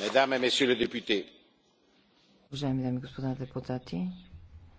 Mesdames et Messieurs les députés. Уважаеми дами и господа депутати,